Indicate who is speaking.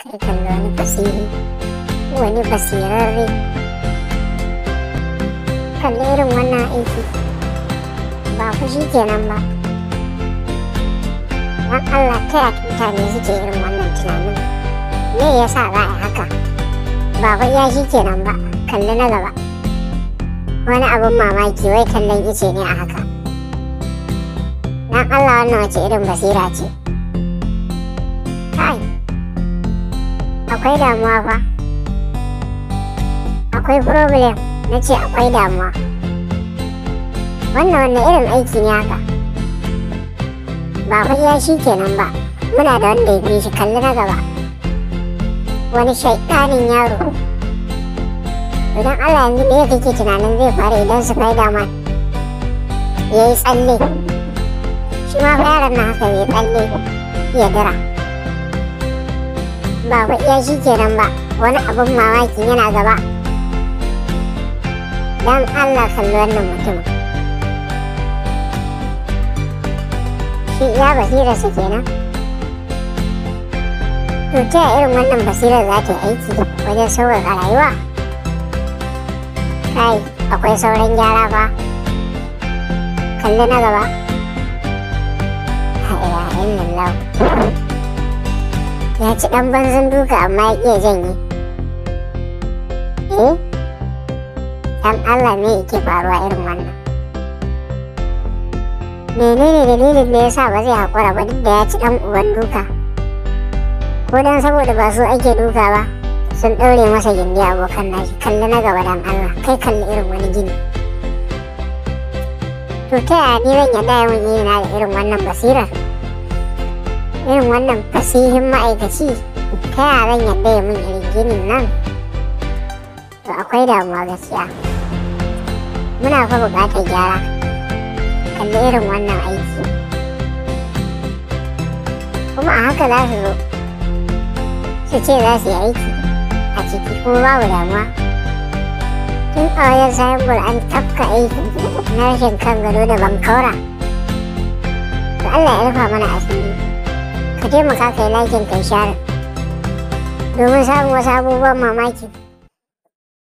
Speaker 1: خلاني فسيحي wani basirarre kalli irin wannan aiki ba fushi kenan ba don allah taya mutane suke irin wannan tunanin me yasa za a haka ba ya shi kenan ba kalli na gaba wani abin mamaki wai kallon ice ne a haka don allah wannan wace irin basira ce akwai damuwa fa akwai problem na ce akwai damuwa wannan wanne irin aiki ne haka ba fa ya shi kenan ba muna da wanda ya fi shi kalli na gaba wani shaidanin yaro idan allah yanzu da ya kake tunanin zai fara idan su faida man ya yi tsalle shi ma fa na haka ya tsalle ya dira ba wa iya shi kenan ba wani abun mamaki yana gaba don allah kalli wannan mutum. shi iya basirarsa kenan to ta irin wannan basirar za ta yi aiki wajen sauƙaƙa rayuwa kai akwai sauran gyara ba kalli na gaba ha ila ya ci ɗan banzan duka amma ya ƙiya janye eh dan Allah me yake faruwa irin wannan menene dalilin da yasa ba zai haƙura ba duk da ya ci ɗan uban duka ko dan saboda ba su ake duka ba sun ɗaure masa gindi abokan nashi kalli na gaba dan Allah kai kalli irin wani gini to ta yaya ni zan yarda yawan yi na da irin wannan basirar irin wannan fasihin ma'aikaci ta yaran yadda ya mun irin ginin nan to akwai damuwa gaskiya muna fa buƙatar gyara kalli irin wannan aiki kuma a haka za su zo su ce za su yi aiki a ciki kuma babu damuwa tun a wajen sayan an tafka aiki na rashin kan gado da bankaura to Allah ya rufa mana asiri ka taimaka kai lakin kai share domin samun wasu abubuwan mamaki